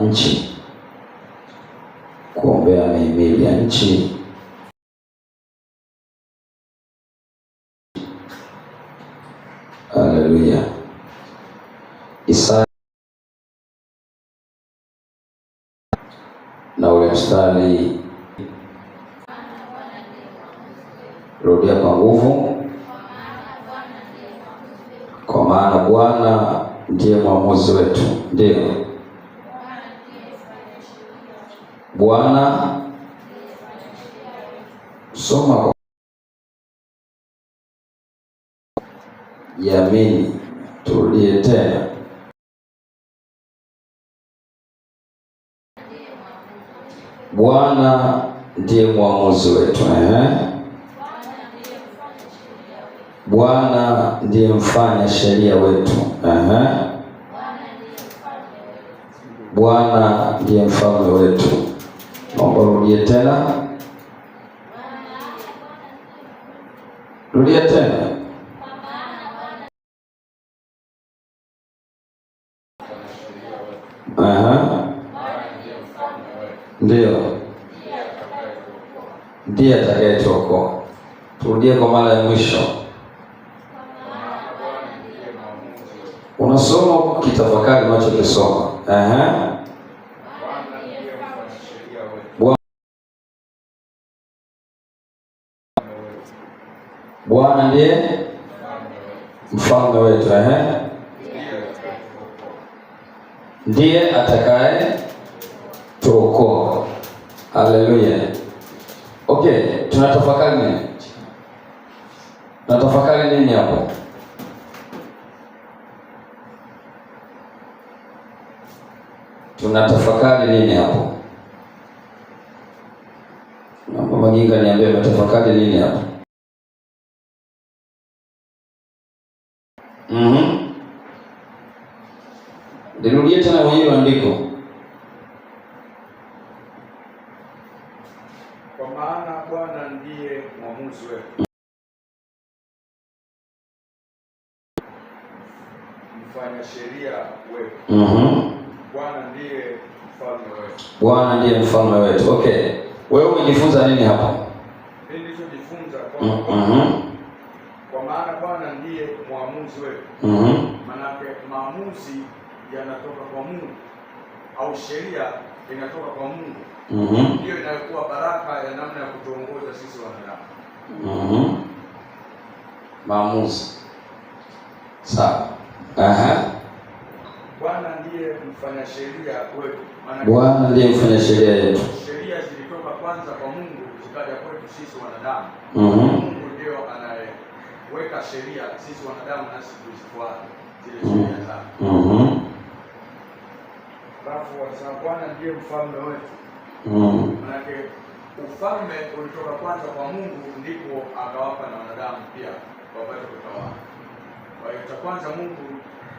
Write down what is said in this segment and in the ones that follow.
nchi, kuombea mihimili ya nchi, haleluya. Isaya na ule mstari, rudia kwa nguvu, kwa maana Bwana ndiye mwamuzi wetu, ndiyo Bwana soma kwa yamini. Turudie tena, Bwana ndiye mwamuzi wetu eh? Bwana ndiye mfanya sheria wetu eh? Bwana ndiye mfalme wetu Naomba rudie tena, rudia tena. Ndiyo, ndiye atakayetuokoa. Turudie kwa mara ya mwisho. Unasoma ukitafakari unachokisoma. Bwana ndiye mfalme wetu, ehe, ndiye atakaye tuokoa. Haleluya. Okay, tunatafakari nini? Tunatafakari nini hapo? Tunatafakari nini hapo? Mama Ginga, niambie, tunatafakari nini hapo? Nirudie tena kwa hilo andiko, kwa maana Bwana ndiye mwamuzi wetu, mfanya sheria wetu. Mhm, Bwana ndiye mfalme wetu, Bwana ndiye mfalme wetu. Okay, wewe umejifunza nini hapa? Nilichojifunza mm, kwa mhm kwa maana Bwana ndiye mwamuzi wetu, mhm, maana maamuzi yanatoka kwa Mungu au sheria inatoka kwa Mungu mm -hmm. inakuwa inayokuwa baraka ya namna ya kutuongoza sisi wanadamu mm -hmm. Maamuzi sawa. Bwana ndiye mfanya sheria kwetu Bwana ndiye mfanya sheria yetu. Sheria zilitoka kwanza kwa Mungu zikaja kwetu sisi wanadamu mm -hmm. Mungu ndiyo anayeweka sheria sisi wanadamu nasi tuzifuate zile sheria mhm. zake mm -hmm alafu wakasema Bwana ndiye mfalme wetu. Mm. Manake ufalme ulitoka kwanza kwa Mungu, ndipo akawapa na wanadamu pia wapate kutawala. Kwa hiyo cha kwanza Mungu,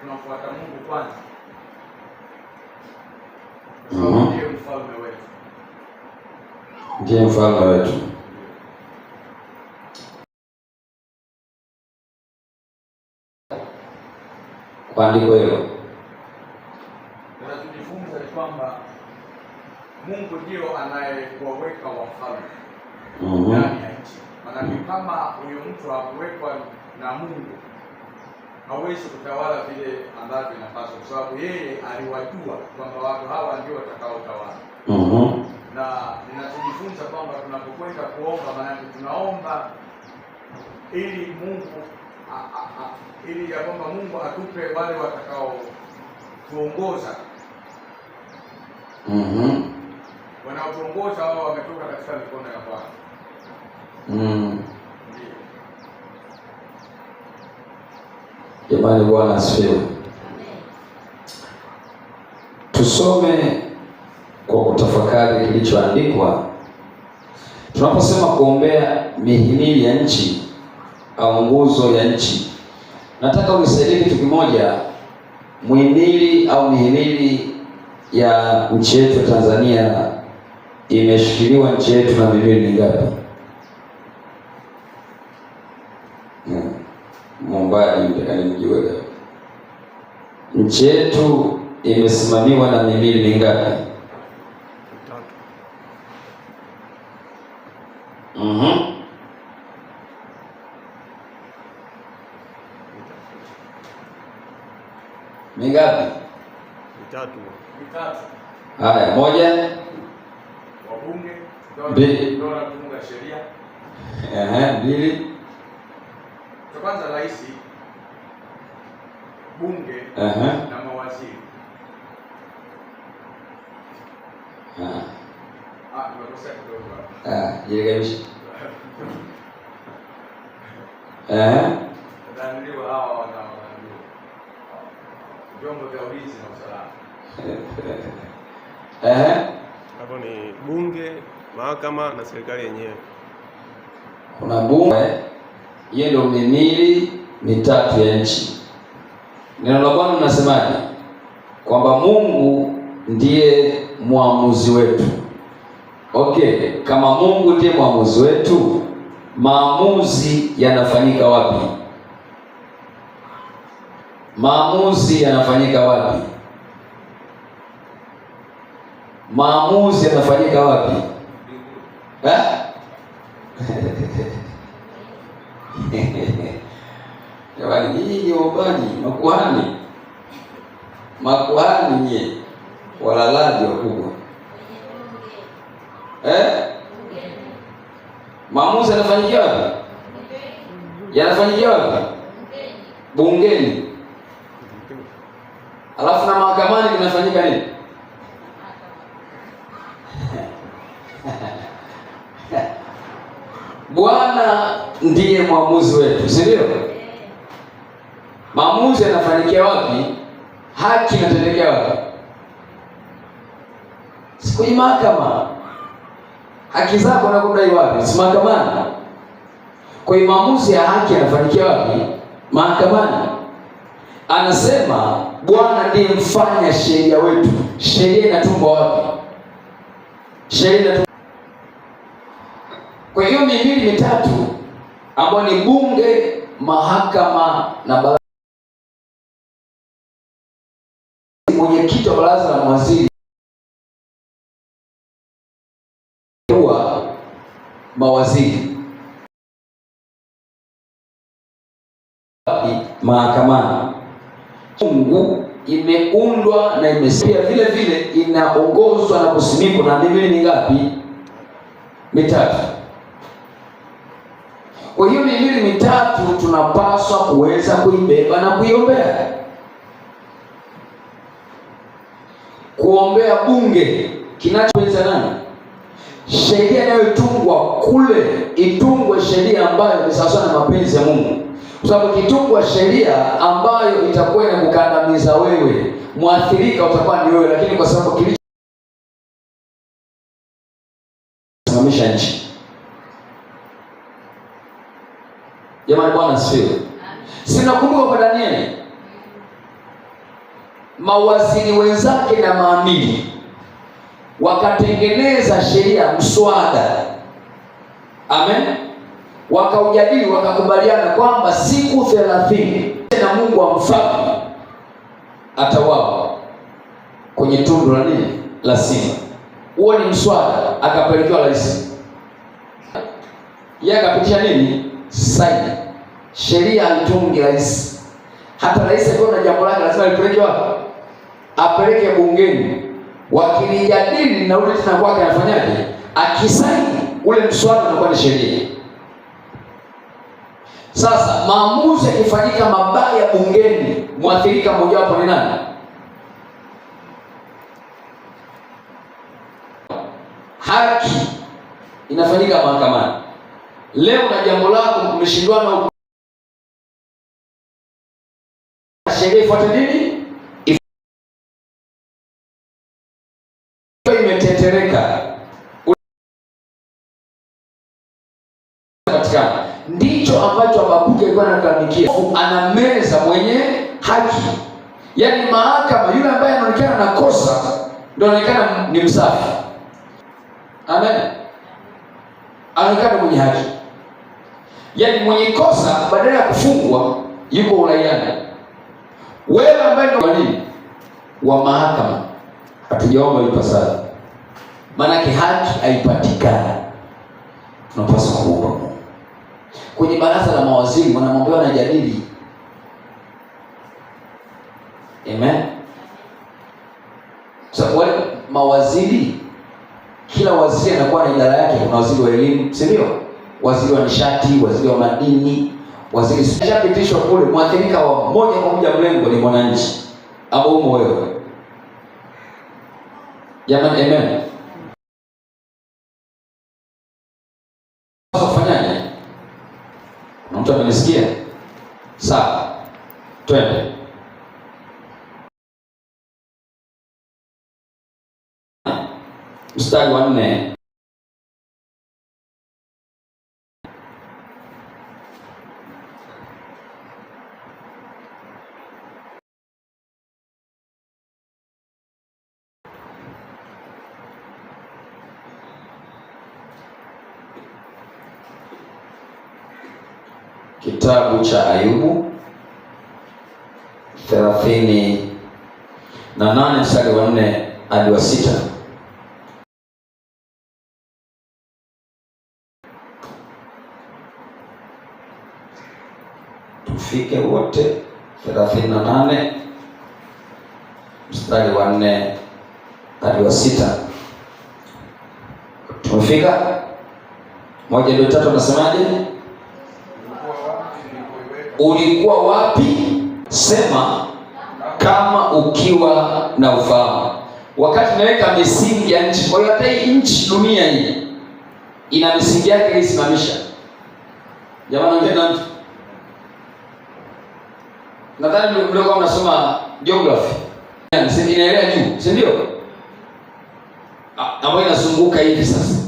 tunafuata Mungu kwanza mm-hmm. ndiye mfalme wetu, ndiye mfalme wetu. Kwa andiko hilo Mungu ndio anayewaweka wafalme ndani ya nchi. Maanake kama huyo mtu hakuwekwa na Mungu hawezi kutawala vile ambavyo inapaswa, kwa sababu yeye aliwajua kwamba watu hawa ndio watakaotawala na ninachojifunza kwamba tunapokwenda kuomba, maanake tunaomba ili Mungu a, a, a, ili ya kwamba Mungu atupe wale watakaotuongoza uh -huh wanaotuongoza wao wametoka katika mikono ya Bwana. Mm. Jamani, Bwana asifiwe. Tusome kwa kutafakari kilichoandikwa. Tunaposema kuombea mihimili ya nchi au nguzo ya nchi, nataka unisaidie kitu kimoja, mwimili au mihimili ya nchi yetu Tanzania imeshikiliwa nchi yetu na milioni mingapi? Hmm. Muombaji mtakani mjue nchi yetu imesimamiwa na milioni mhm. mingapi? mm mingapi? Mitatu. Mitatu. Haya, moja mbili kwanza rais, bunge na mawaziri. Ah. Ah, ah, Jirekebisha vyombo vya ulinzi na usalama, hapo ni bunge mahakama na serikali yenyewe. Kuna bunge, yeye ndio mhimili mitatu ya nchi. Neno la Bwana linasemaje? Kwamba Mungu ndiye mwamuzi wetu. Okay, kama Mungu ndiye mwamuzi wetu, maamuzi yanafanyika wapi? Maamuzi yanafanyika wapi? Maamuzi yanafanyika wapi? nyumbani, nyinyi ni waombaji, makuhani, makuhani nyie walalaji wakubwa eh? Maamuzi yanafanyikia wapi? Yanafanyikia wapi? Bungeni. Alafu na mahakamani kinafanyika nini? Bwana ndiye mwamuzi wetu, si ndio? Maamuzi yanafanyikia wapi? Haki inatendekea wapi? Siku hii mahakama. Haki zako na kudai wapi? Si mahakamani. Kwa hiyo maamuzi ya haki yanafanyikia wapi? Mahakamani. Anasema Bwana ndiye mfanya sheria wetu. Sheria inatungwa wapi? Sheria inatungwa. Kwa hiyo mihimili mitatu ambayo ni bunge, mahakama na baraza mawaziri mahakamani. Mungu imeundwa na imesia vile vile inaongozwa na kusimikwa na mimi ni ngapi? Mitatu. Kwa hiyo mihimili mitatu tunapaswa kuweza kuibeba na kuiombea. Kuombea bunge kinachoweza nani sheria inayotungwa kule itungwe sheria ambayo ni sawasawa na mapenzi ya Mungu, kwa sababu kitungwa sheria ambayo itakuwa inakukandamiza wewe, mwathirika utakuwa ni wewe, lakini kwa sababu kilichosimamisha nchi. Jamani, Bwana asifiwe. Sinakumbuka kwa Danieli, mawaziri wenzake na maamili wakatengeneza sheria mswada, amen, wakaujadili wakakubaliana kwamba siku thelathini na Mungu amfalme atawao kwenye tundu la nini la simba. Huo ni mswada, akapelekewa rais, yeye akapitisha nini saini sheria, alitungi rais. Hata rais akiwa na jambo lake lazima alipeleke wapi? Apeleke bungeni wakilijadili na ule tena kwake anafanyaje, akisaini ule mswada unakuwa ni sheria. Sasa maamuzi yakifanyika mabaya bungeni, mwathirika mojawapo ni nani? Haki inafanyika mahakamani. Leo na jambo lako mmeshindwana, sheria ifuate nini? mtu alikuwa analalamikia meza mwenye haki, yaani mahakama, yule ambaye anaonekana anakosa ndio anaonekana ni msafi. Amen, anaonekana mwenye haki, yaani mwenye kosa badala ya kufungwa yuko uraiani. Wewe ambaye ndio wa mahakama, hatujaomba ipasavyo, maanake haki haipatikani, tunapaswa kuomba kwenye baraza la mawaziri wanamwambia wanajadili. Amen. sababu wale mawaziri, kila waziri anakuwa na idara yake. Kuna waziri wa elimu, si ndio? Waziri wa nishati, waziri wa madini, waziri shapitishwa kule. Mwathirika wa moja kwa moja mlengo ni mwananchi, au umo wewe? Jamani, amen. Unanisikia? Sawa, twende. Mstari wa nne cha Ayubu thelathini na nane mstari wa nne hadi wa sita. Tufike wote thelathini na nane mstari wa nne hadi wa sita. Tumefika moja, ndio tatu, anasemaje? Ulikuwa wapi? Sema kama ukiwa na ufahamu. Wakati naweka misingi ya nchi, kwa hiyo hata hii nchi, dunia hii ina misingi yake ilisimamisha. Jamani, ongea mtu, nadhani mlikuwa mnasoma geography, inaelea juu, si ndio? ambayo inazunguka hivi sasa.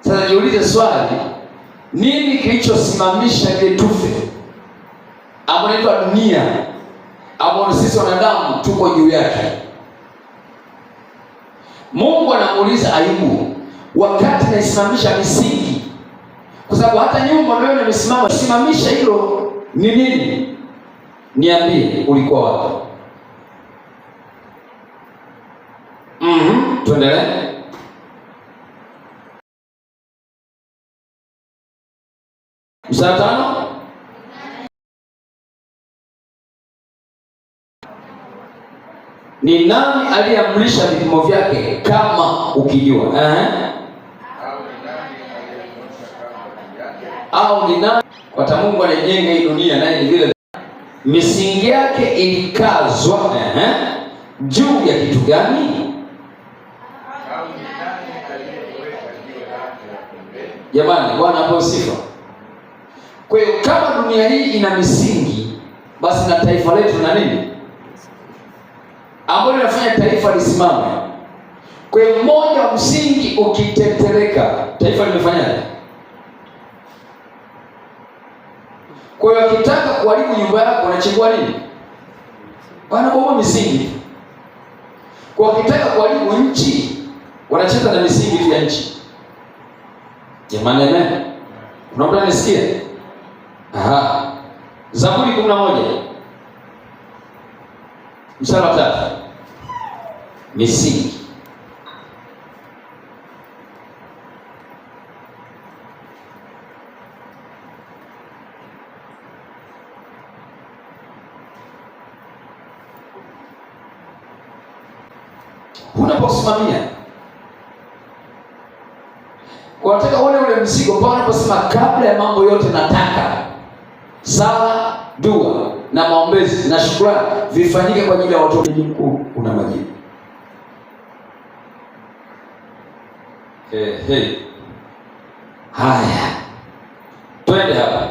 Sasa jiulize swali nini kilichosimamisha ile tufe ambayo inaitwa dunia ambayo sisi wanadamu tuko juu yake? Mungu anamuuliza Ayubu wakati naisimamisha misingi, kwa sababu hata nyumba ambayo nimesimama simamisha, hilo ni nini? Niambie, ulikuwa wapi? mm -hmm, tuendelee mstari tano ni nani aliyeamrisha vipimo vyake kama ukijua eh? au ni nani kwa kwata Mungu alijenga hii dunia naye ni vile misingi yake ilikazwa eh? eh? juu ya kitu gani? Jamani, Bwana apo sifa kwa hiyo kama dunia hii ina misingi, basi na taifa letu na nini ambayo linafanya taifa lisimame. Kwa hiyo mmoja msingi ukitetereka, taifa limefanyaje? Kwa hiyo akitaka kuharibu nyumba yako anachukua nini? Wanabomoa misingi. Kwa wakitaka kuharibu nchi wanacheza na misingi ya nchi. Jamani, amen. Unaomba nisikie? Aha. Zaburi 11 mstari wa tatu, misingi unaposimamia kwa uone ule mzigo pale unaposema, kabla ya mambo yote nataka Sala, dua na maombezi na shukrani vifanyike kwa ajili ya watu. Mji mkuu una majibu. Hey, eh, hey. Haya, twende hapa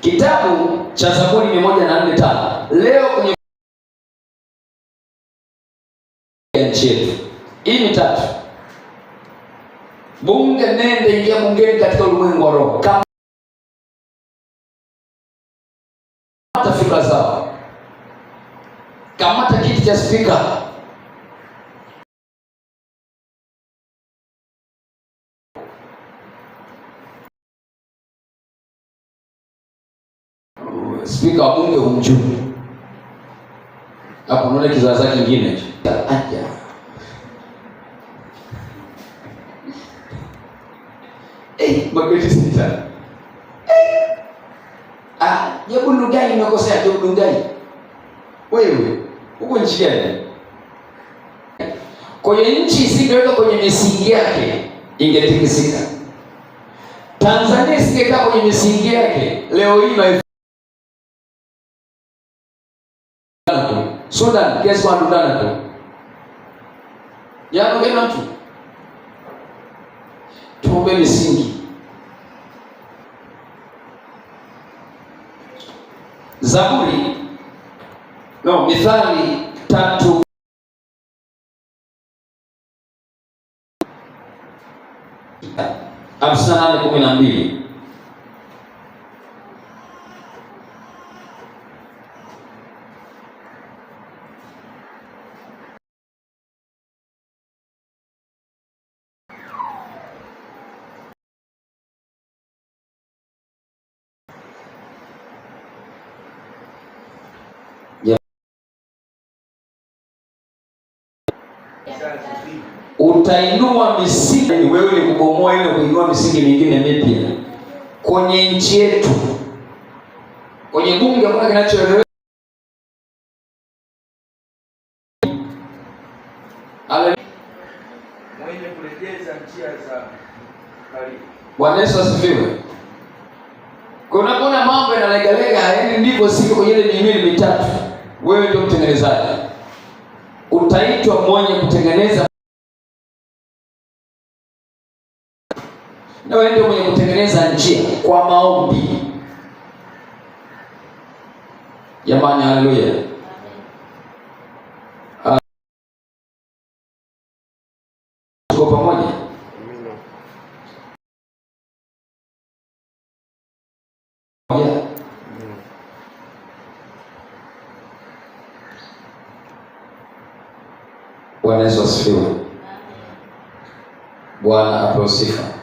kitabu cha Zaburi mia moja na nne tano leo kwenye nchi yetu hii mitatu. Bunge, nende ingia bungeni katika ulimwengu wa roho. cha spika spika wa bunge humjui. Hapo unaona kizaza kingine aja eh, eh. ah, Ndugai umekosea, Job Ndugai wewe huko njiani. Kwa hiyo nchi isingeweka kwenye misingi yake ingetikisika. Tanzania isingekaa kwenye misingi yake leo hii na Sudan kiasi kwa ndana tu. Yaani kena mtu. Tuombe misingi. Zaburi no, Mithali tatu hamsini na nane kumi na mbili utainua misingi. Wewe ni kubomoa ile kuinua misingi mingine mipya kwenye nchi yetu, kwenye bunge kuna kinachoeleweka. Mwenye kurejeza njia za Bwana Yesu asifiwe. mambo yanalegalega, yaani ndivyo siku kwenye ile mihimili mitatu, wewe ndio mtengenezaji, utaitwa mwenye kutengeneza na wewe ndio mwenye kutengeneza njia kwa maombi. Jamani, haleluya! Bwana Yesu asifiwe. Bwana apewe sifa.